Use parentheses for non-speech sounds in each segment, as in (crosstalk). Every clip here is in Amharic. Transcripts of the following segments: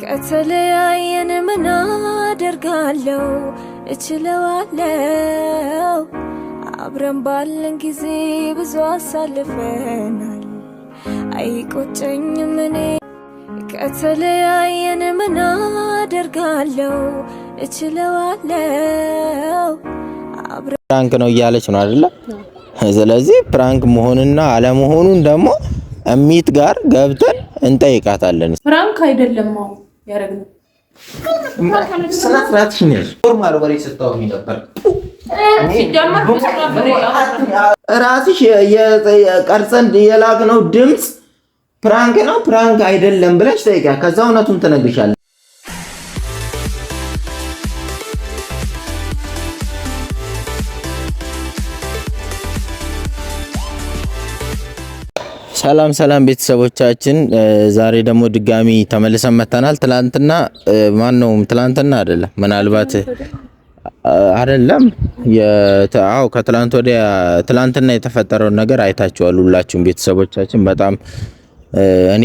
ከተለያየን ምን አደርጋለሁ? እችለዋለው። አብረን ባለን ጊዜ ብዙ አሳልፈናል፣ አይቆጨኝም እኔ ከተለያየን ምን አደርጋለሁ? እችለዋለው። ፕራንክ ነው እያለች ነው አይደለ? ስለዚህ ፕራንክ መሆንና አለመሆኑን ደግሞ እሚት ጋር ገብተን እንጠይቃታለን። ፍራንክ አይደለም ያደረግነው ራስሽ ቀርጸን የላክነው ድምፅ ፕራንክ ነው ፕራንክ አይደለም ብለሽ ጠይቂያ። ከዛ እውነቱን ትነግርሻለሽ። ሰላም ሰላም ቤተሰቦቻችን፣ ዛሬ ደግሞ ድጋሚ ተመልሰን መተናል። ትላንትና ማን ነው ትላንትና አይደለም፣ ምናልባት አይደለም፣ አዎ ከትላንት ወዲያ ትላንትና የተፈጠረውን ነገር አይታችኋል ሁላችሁም ቤተሰቦቻችን። በጣም እኔ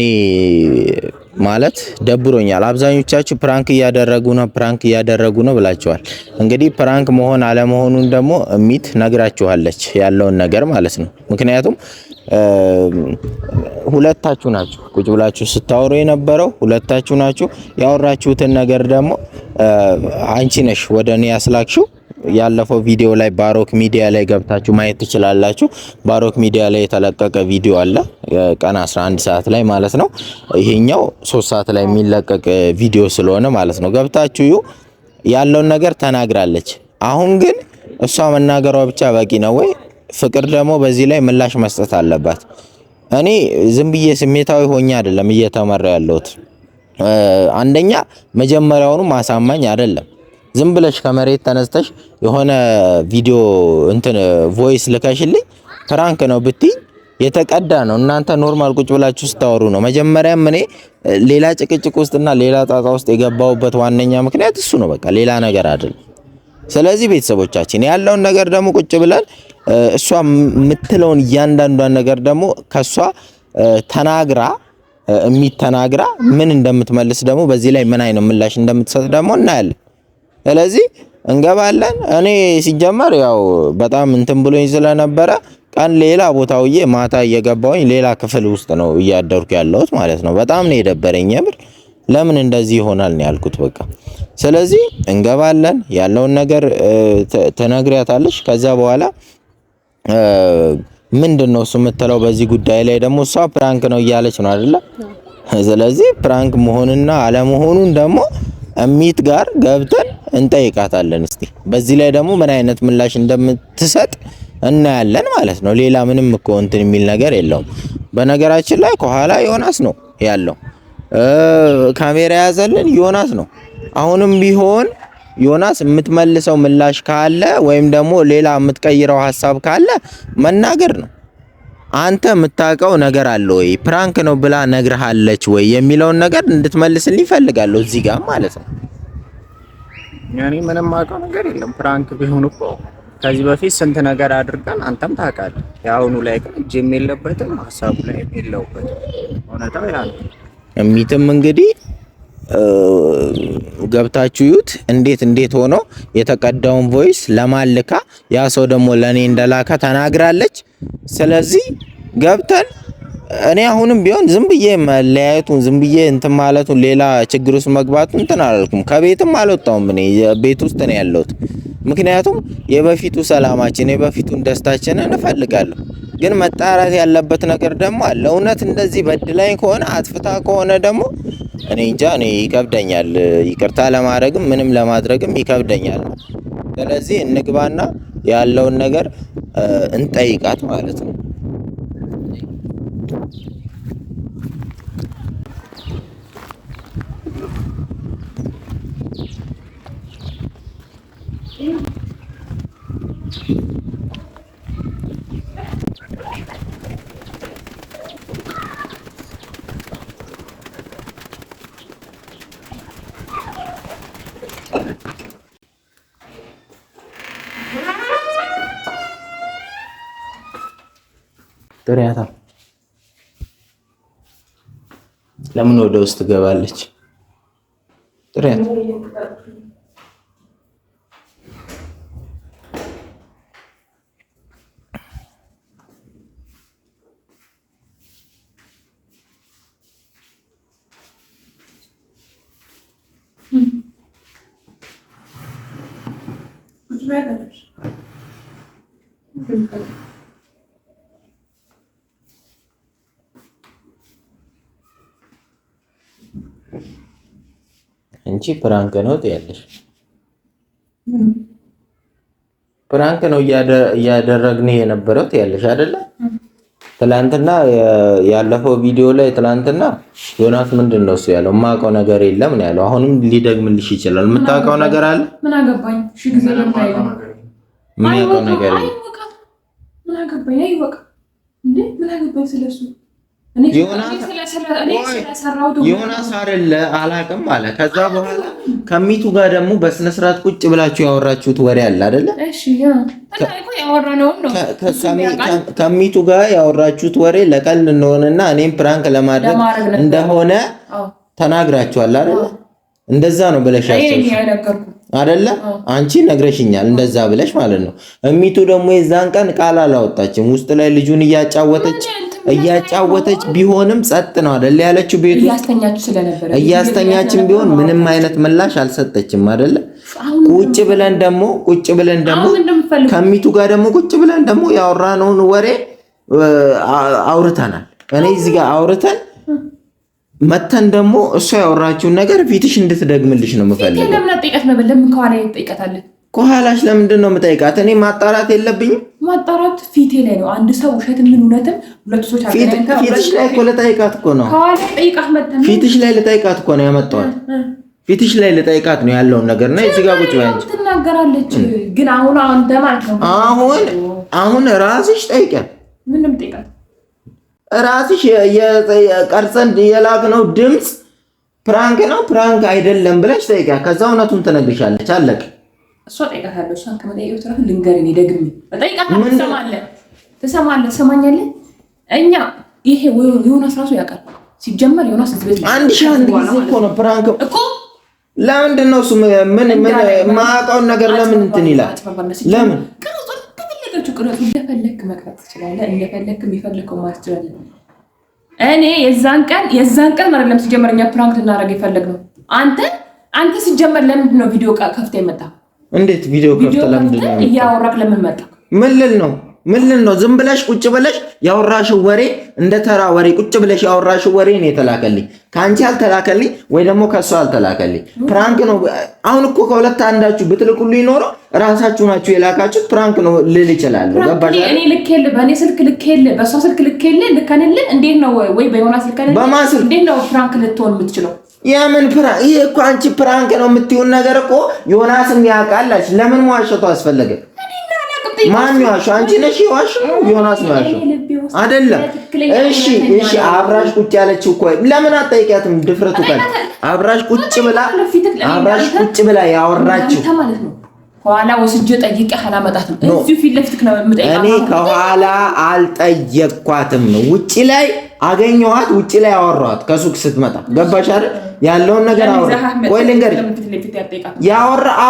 ማለት ደብሮኛል። አብዛኞቻችሁ ፕራንክ እያደረጉ ነው ፕራንክ እያደረጉ ነው ብላችኋል። እንግዲህ ፕራንክ መሆን አለመሆኑን ደግሞ እሚት ነግራችኋለች ያለውን ነገር ማለት ነው ምክንያቱም ሁለታችሁ ናችሁ ቁጭ ብላችሁ ስታወሩ የነበረው ሁለታችሁ ናችሁ። ያወራችሁትን ነገር ደግሞ አንቺ ነሽ ወደ እኔ ያስላክሽው። ያለፈው ቪዲዮ ላይ ባሮክ ሚዲያ ላይ ገብታችሁ ማየት ትችላላችሁ። ባሮክ ሚዲያ ላይ የተለቀቀ ቪዲዮ አለ ቀን 11 ሰዓት ላይ ማለት ነው። ይሄኛው 3 ሰዓት ላይ የሚለቀቅ ቪዲዮ ስለሆነ ማለት ነው ገብታችሁ ያለውን ነገር ተናግራለች። አሁን ግን እሷ መናገሯ ብቻ በቂ ነው ወይ? ፍቅር ደግሞ በዚህ ላይ ምላሽ መስጠት አለባት። እኔ ዝም ብዬ ስሜታዊ ሆኜ አይደለም እየተመራ ያለሁት። አንደኛ መጀመሪያውኑ ማሳማኝ አይደለም። ዝም ብለሽ ከመሬት ተነስተሽ የሆነ ቪዲዮ እንትን ቮይስ ልከሽልኝ ፕራንክ ነው ብትይ የተቀዳ ነው። እናንተ ኖርማል ቁጭ ብላችሁ ስታወሩ ነው። መጀመሪያም እኔ ሌላ ጭቅጭቅ ውስጥና ሌላ ጣጣ ውስጥ የገባሁበት ዋነኛ ምክንያት እሱ ነው። በቃ ሌላ ነገር አይደለም። ስለዚህ ቤተሰቦቻችን ያለውን ነገር ደግሞ ቁጭ ብለን እሷ የምትለውን እያንዳንዷን ነገር ደግሞ ከእሷ ተናግራ የሚተናግራ ምን እንደምትመልስ ደግሞ በዚህ ላይ ምን አይነት ምላሽ እንደምትሰጥ ደግሞ እናያለን። ስለዚህ እንገባለን። እኔ ሲጀመር ያው በጣም እንትን ብሎኝ ስለነበረ ቀን ሌላ ቦታ ውዬ ማታ እየገባውኝ ሌላ ክፍል ውስጥ ነው እያደርኩ ያለሁት ማለት ነው። በጣም ነው የደበረኝ የምር። ለምን እንደዚህ ይሆናል ነው ያልኩት። በቃ ስለዚህ እንገባለን፣ ያለውን ነገር ትነግሪያታለሽ። ከዛ በኋላ ምንድን ነው እሱ የምትለው በዚህ ጉዳይ ላይ ደግሞ እሷ ፕራንክ ነው እያለች ነው አይደለ? ስለዚህ ፕራንክ መሆንና አለመሆኑን ደግሞ እሚት ጋር ገብተን እንጠይቃታለን። እስቲ በዚህ ላይ ደግሞ ምን አይነት ምላሽ እንደምትሰጥ እናያለን ማለት ነው። ሌላ ምንም እኮ እንትን የሚል ነገር የለውም። በነገራችን ላይ ከኋላ ዮናስ ነው ያለው ካሜራ የያዘልን ዮናስ ነው። አሁንም ቢሆን ዮናስ የምትመልሰው ምላሽ ካለ ወይም ደግሞ ሌላ የምትቀይረው ሀሳብ ካለ መናገር ነው። አንተ የምታውቀው ነገር አለ ወይ ፕራንክ ነው ብላ ነግርሃለች ወይ የሚለውን ነገር እንድትመልስልኝ ይፈልጋለሁ። እዚህ ጋር ማለት ነው። እኔ ምንም አውቀው ነገር የለም። ፕራንክ ቢሆን እኮ ከዚህ በፊት ስንት ነገር አድርገን አንተም ታውቃለህ። የአሁኑ ላይ ግን እጅ የለበትም፣ ሀሳቡ ላይ የለውበትም። እውነታው ያ ነው። ሚትም እንግዲህ ገብታችሁ ዩት እንዴት እንዴት ሆኖ የተቀዳውን ቮይስ ለማልካ ያ ሰው ደግሞ ለእኔ እንደላከ ተናግራለች። ስለዚህ ገብተን እኔ አሁንም ቢሆን ዝም ብዬ መለያየቱን ዝም ብዬ እንትን ማለቱን ሌላ ችግር ውስጥ መግባቱን እንትን አላልኩም። ከቤትም አልወጣሁም። እኔ ቤት ውስጥ ነው ያለሁት። ምክንያቱም የበፊቱ ሰላማችን የበፊቱን ደስታችንን እንፈልጋለሁ ግን መጣራት ያለበት ነገር ደግሞ አለ። እውነት እንደዚህ በድላይ ከሆነ አጥፍታ ከሆነ ደግሞ እኔ እንጃ፣ እኔ ይከብደኛል። ይቅርታ ለማድረግም ምንም ለማድረግም ይከብደኛል። ስለዚህ እንግባና ያለውን ነገር እንጠይቃት ማለት ነው። Tôi ra thôi ለምን ወደ ውስጥ ትገባለች? ጥሪያት አንቺ ፕራንክ ነው ትያለሽ። ፕራንክ ነው እያደረግን የነበረው ትያለሽ አይደለ? ትላንትና ያለፈው ቪዲዮ ላይ ትላንትና ዮናስ ምንድን ነው እሱ ያለው? የማውቀው ነገር የለም ነው ያለው። አሁንም ሊደግምልሽ ይችላል። የምታውቀው ነገር አለ? ምን አገባኝ? ምን ያውቀው ምን አገባኝ? አይወቅ እንዴ ምን አገባኝ ስለሱ ዮናስ አይደለ አላቅም አለ። ከዛ በኋላ ከሚቱ ጋር ደግሞ በስነ ስርዓት ቁጭ ብላችሁ ያወራችሁት ወሬ አለ አይደለ? ከሚቱ ጋር ያወራችሁት ወሬ ለቀልድ እንደሆነና እኔም ፕራንክ ለማድረግ እንደሆነ ተናግራችኋል አይደለ? እንደዛ ነው ብለሻቸው አይደለ? አንቺ ነግረሽኛል፣ እንደዛ ብለሽ ማለት ነው። እሚቱ ደግሞ የዛን ቀን ቃል አላወጣችም፣ ውስጥ ላይ ልጁን እያጫወተች እያጫወተች ቢሆንም ጸጥ ነው አይደል ያለችው። ቤቱ እያስተኛችን ቢሆን ምንም አይነት ምላሽ አልሰጠችም አይደለ። ቁጭ ብለን ደግሞ ቁጭ ብለን ደግሞ ከሚቱ ጋር ደግሞ ቁጭ ብለን ደግሞ ያወራነውን ወሬ አውርተናል። እኔ እዚህ ጋር አውርተን መተን ደግሞ እሷ ያወራችውን ነገር ፊትሽ እንድትደግምልሽ ነው የምፈልገው። ከኋላሽ ለምንድን ነው የምጠይቃት? እኔ ማጣራት የለብኝም። ማጣራት ፊቴ ላይ ነው። አንድ ሰው ውሸትም ምን እውነትም ሁለቱ ሰዎች ፊትሽ ላይ እኮ ልጠይቃት እኮ ነው። ፊትሽ ላይ ልጠይቃት እኮ ነው ያመጣዋል። ፊትሽ ላይ ልጠይቃት ነው ያለውን ነገር እና እዚህ ጋር ቁጭ ብላለች፣ ትናገራለች። ግን አሁን አሁን ደማልከው አሁን አሁን ራስሽ ጠይቂያት። ምንም ጠይቃት ራስሽ ቀርጸን የላክነው ድምፅ ፕራንክ ነው ፕራንክ አይደለም ብለሽ ጠይቂያት። ከዛ እውነቱን ትነግርሻለች። አለቅ እሷ ጠይቃታለሁ። እሷን ከመጠየቅ ትረፍ ልንገርን ትሰማለህ? ትሰማለህ? ትሰማኛለህ? እኛ ይሄ ዮናስ ራሱ ያውቃል። ሲጀመር ዮናስ እዚህ አንድ ሺህ አንድ ጊዜ እኮ ነው ፕራንክ እኮ ለምንድን ነው እሱ ምን ምን ነገር ለምን እንትን ይላል? ለምን እንደፈለክ መቅረጽ ትችላለህ፣ እንደፈለክ የሚፈልገው ማለት ትችላለህ። እኔ የዛን ቀን የዛን ቀን ማለት ለምን ሲጀመር እኛ ፕራንክ ልናደርግ የፈለግነው አንተ አንተ ሲጀመር ለምንድን ነው ቪዲዮ ከፍተህ የመጣ እንዴት ቪዲዮ ከፍተህ ለምንድን ነው እያወራህ? ለምን መጣ? ምን ነው? ምን ነው? ዝም ብለሽ ቁጭ ብለሽ ያወራሽ ወሬ እንደ ተራ ወሬ ቁጭ ብለሽ ያወራሽ ወሬ ነው የተላከልኝ። ከአንቺ አልተላከልኝ ወይ ደግሞ ከሷ አልተላከልኝ። ፕራንክ ነው። አሁን እኮ ከሁለት አንዳችሁ ብትልኩልኝ ኖሮ ራሳችሁ ናችሁ የላካችሁት ፕራንክ ነው ልል እችላለሁ። ገባሽ? እኔ ልኬልህ፣ በእኔ ስልክ ልኬልህ፣ በእሷ ስልክ ልኬልህ፣ ልከንልህ። እንዴት ነው ወይ በዮናስ ስልክ በማን ስልክ እንዴት ነው ፕራንክ ልትሆን የምትችለው? የምን ፕራንክ? ይሄ እኮ አንቺ ፕራንክ ነው የምትይውን ነገር እኮ ዮናስም ያውቃላች። ለምን ዋሸቱ አስፈለገ? ማን ዋሸው? አንቺ ነሽ የዋሸው? ዮናስ ነው አይደለም? እሺ፣ እሺ። አብራሽ ቁጭ ያለች እኮ ለምን አጠይቂያትም? ድፍረቱ ካለ አብራሽ ቁጭ ብላ አብራሽ ቁጭ ብላ ያወራችው ከኋላ ወስጄ ጠይቄ አላመጣትም። እዚሁ ፊት ለፊት ነው የምጠይቀው። እኔ ከኋላ አልጠየቅኳትም። ውጪ ላይ አገኘኋት፣ ውጪ ላይ አወራኋት ከሱቅ ስትመጣ። ገባሽ አይደል? ያለውን ነገር ቆይ ልንገርሽ፣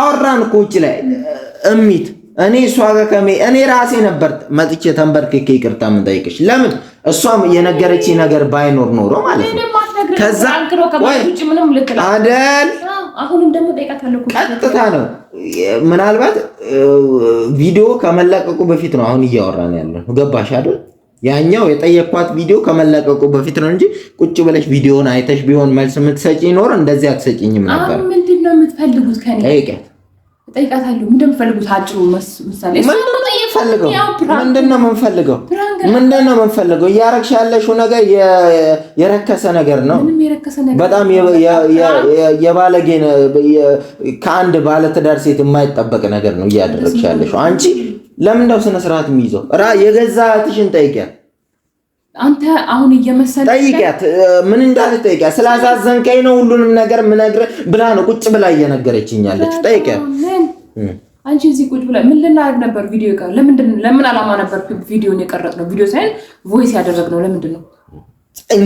አወራን እኮ ውጭ ላይ እሚት እኔ እሷ ጋር ከሜ እኔ ራሴ ነበር መጥቼ ተንበርክኬ ይቅርታ ምን የምንጠይቅሽ። ለምን እሷም የነገረች ነገር ባይኖር ኖሮ ማለት ነው። ከዛ አደል ቀጥታ ነው። ምናልባት ቪዲዮ ከመለቀቁ በፊት ነው አሁን እያወራን ያለ ነው። ገባሽ አይደል? ያኛው የጠየኳት ቪዲዮ ከመለቀቁ በፊት ነው እንጂ ቁጭ ብለሽ ቪዲዮን አይተሽ ቢሆን መልስ የምትሰጪ ኖር እንደዚህ አትሰጪኝም ነበር። ምንድን ነው የምትፈልጉት? ከእኔ ጠይቂያት፣ ምንድን ነው የምንፈልገው? ምንድን ነው የምንፈልገው? እያረግሽ ያለሽው ነገር የረከሰ ነገር ነው። በጣም የባለጌ ከአንድ ባለትዳር ሴት የማይጠበቅ ነገር ነው እያደረግሽ ያለሽው አንቺ ለምን ነው ስነ ስርዓት የሚይዘው? ራ የገዛ እህትሽን ጠይቂያት። አንተ አሁን እየመሰለ ጠይቂያት፣ ምን እንዳለች ጠይቂያት። ስላሳዘንከኝ ነው ሁሉንም ነገር ምነግርህ ብላ ነው ቁጭ ብላ እየነገረችኝ ያለችው። ጠይቂያት። አንቺ እዚህ ቁጭ ብላ ምን ልናደርግ ነበር? ቪዲዮ ይቀር ለምንድን ለምን አላማ ነበር ቪዲዮን ነው? ቪዲዮ ሳይሆን ቮይስ ነው። ለምንድን ነው?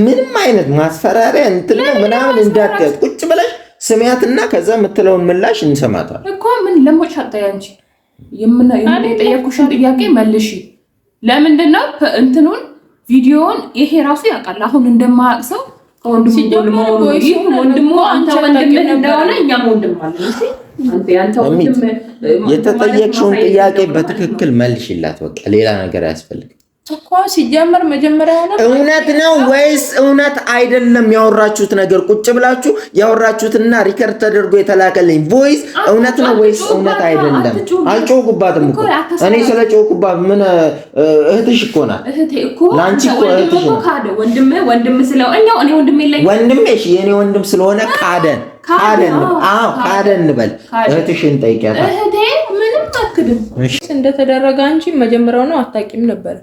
ምንም አይነት ማስፈራሪያ እንትን ምናምን እንዳትያዝ ቁጭ ብለሽ ስሚያትና ከዛ የምትለውን ምላሽ እንሰማታል እኮ ምን ለሞች አጣ የጠየኩሽን ጥያቄ መልሽ። ለምንድን ነው እንትኑን ቪዲዮውን ይሄ ራሱ ያውቃል። አሁን እንደማያውቅ ሰው ወንድሙ አንተ ወንድምህ እንደሆነ እኛም ወንድም አለ። የተጠየቅሽውን ጥያቄ በትክክል መልሽላት። በቃ ሌላ ነገር አያስፈልግም። እኮ ሲጀመር መጀመሪያ እውነት ነው ወይስ እውነት አይደለም? ያወራችሁት ነገር ቁጭ ብላችሁ ያወራችሁትና ሪከርድ ተደርጎ የተላከልኝ ቮይስ እውነት ነው ወይስ እውነት አይደለም? አልጮህኩባትም እኮ እኔ ስለ ምን እህትሽ እኮ ናት። ለአንቺ እኮ እህትሽ የእኔ ወንድም ስለሆነ እንበል እህትሽን ጠይቂያታል አልክድም እንደተደረገ አንቺ መጀመሪያው ነው አታቂም ነበር።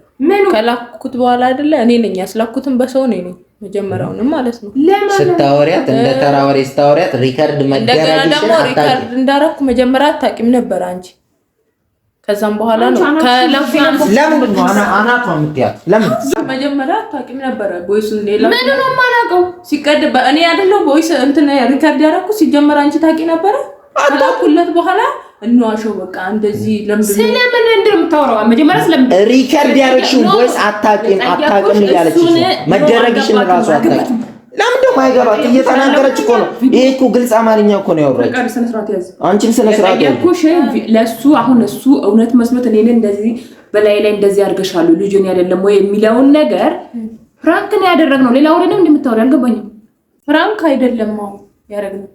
ከላኩት በኋላ አይደለ እኔ ነኝ ያስላኩትን በሰው እኔ ነኝ መጀመሪያውንም ማለት ነው ስታወሪያት እንደ ተራ ወሬ ስታወሪያት ሪከርድ እንደገና ደግሞ ሪከርድ እንዳረኩ መጀመሪያ አታቂም ነበር አንቺ። ከዛም በኋላ ነው መጀመሪያ አታቂም ነበር ቦይስ ሌላ ሲቀድ በእኔ አይደለሁ ቦይስ እንትን ሪከርድ ያረኩ ሲጀመር አንቺ ታቂ ነበረ ከላኩለት በኋላ እንዋሸው በቃ እንደዚህ ለምንድን ስለምን እንደምታወራው መጀመሪያ ስለምን ሪከርድ ያደረግሽውን ወይስ አታውቂም አታውቅም እያለችሽ መደረግሽን እራሱ አታውቂም። ለምን ደግሞ አይገባት እየተናገረች እኮ ነው። ይሄ እኮ ግልጽ አማርኛ እኮ ነው ያወራችው። አንቺም ስነ ስርዓት ያዝ ለእሱ አሁን እሱ እውነት መስሎት እኔን እንደዚህ በላይ ላይ እንደዚህ አድርገሻሉ ልጁን አይደለም ወይ የሚለውን ነገር ፍራንክ ነው ያደረግነው። ሌላ ወሬ ነው እንደምታወሪ አልገባኝም። ፍራንክ አይደለም ያደረግነው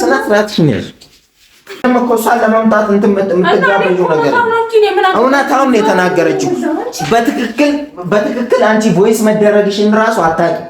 ስነ ስርዓት ሽን ያዝ እሷን ለማምጣት እንትን ነገር እውነታውን የተናገረችው በትክክል በትክክል አንቺ ቮይስ መደረግሽን ራሱ አታውቂም።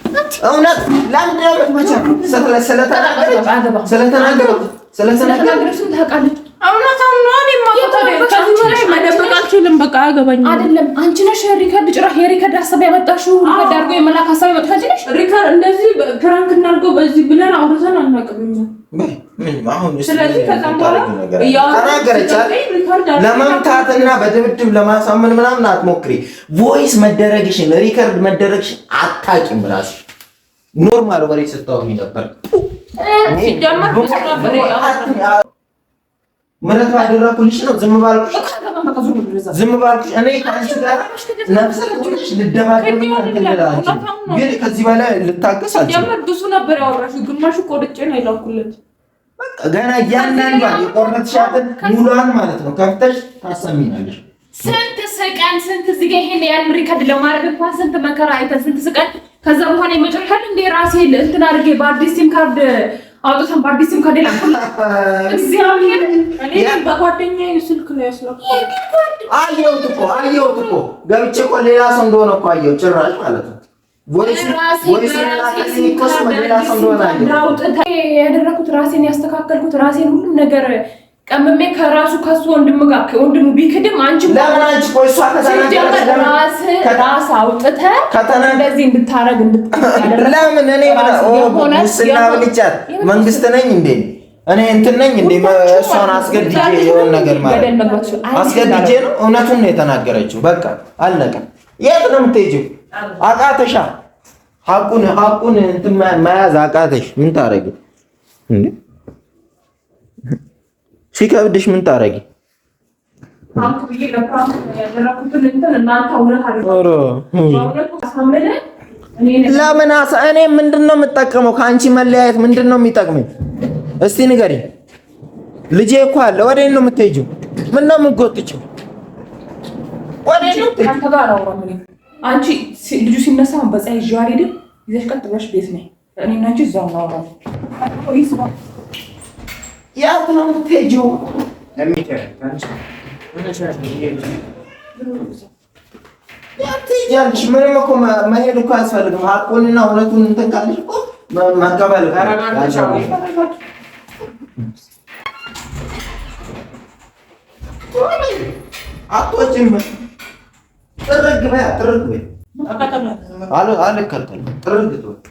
እውነት ለአንድ ነገር መቼ ስለተናገረው ስለተናገረው ታውቃለች። እውነታውን በቃ አያገባኝም። አይደለም አንቺ ነሽ ሪከርድ ጭራሽ የሪከርድ ሀሳብ ያመጣሽው። ሪከርድ አድርጎ የመላክ ሀሳብ ያመጣሽው ነሽ። ሪከርድ እንደዚህ ፕራንክ እናድርገው በዚህ ብለን አውርተን አናውቅም። ስለዚህ ከዛም በኋላ ተናገረች። ለመምታትና በድብድብ ለማሳመን ምናምን አትሞክሪ። ቮይስ መደረግሽን ሪከርድ መደረግሽን አታውቂም እራስሽ ኖርማል ወሬ ስታወሚ ነበር። ምረት አደረኩልሽ ነው ዝም ባልኩሽ ከዚህ በላይ ልታገስ አልችልም። ብዙ ነበር ያወራሽ፣ ግማሽ ቆርጬ ነው የላኩለት። ገና እያንዳንዷን የቆረጥሻትን ሙሏን ማለት ነው ከፍተሽ ታሰሚናለሽ። ስንት ስቀን ስንት እዚህ ጋ ይሄን ያህል ሪከርድ ለማድረግ እንኳን ስንት መከራ አይተን ስንት ስቀን ከዛ በኋላ የመጨረሻ እንደ ራሴ እንትን አድርጌ በአዲስ ሲም ካርድ አውጥተን በአዲስ ሲም ካርድ ላኩላ። ገብቼ እኮ ሌላ ሰው እንደሆነ እኮ አየሁ። ጭራሽ ማለት ነው ያደረኩት ራሴን ያስተካከልኩት ራሴን ሁሉም ነገር ቀምሜ ከራሱ ከሱ ወንድም ጋር ከወንድም ቢክድም አንቺ ለምን አንቺ እንደዚህ እንድታረግ (laughs) ለምን እኔ መንግስት ነኝ እንዴ? እኔ እንትን ነኝ እንዴ? እሷን አስገድጄ የሆነ ነገር ማለት አስገድጄ ነው። እውነቱን ነው የተናገረችው። በቃ አለቀ። የት ነው የምትሄጂው? አቃተሻ። ሀቁን ሀቁን እንትን መያዝ አቃተሽ። ምን እንዴ? ሲከብድሽ ምን ታረጊ? ለምን እኔ ምንድን ነው የምጠቀመው? ከአንቺ መለያየት ምንድን ነው የሚጠቅመኝ? እስቲ ንገሪ። ልጄ እኮ አለ። ወዴት ነው የምትሄጂው? ምን ነው የምትጎትጪው? ነው አንቺ? ልጁ ሲነሳ ይዤው አልሄድም። ይዘሽ ቀጥ ብለሽ ቤት ነይ። እኔ እና አንቺ እዛው እናወራለን። ያት ነው የምትሄጂው? ትሄጃለሽ። ምንም እኮ መሄድ እኮ አያስፈልግም። ሀቁንና እውነቱን እንትን ካልሽ እኮ መቀበል አትወጪም። ጥርግ በይ፣ ጥርግ በይ። አልከተልም። ጥርግ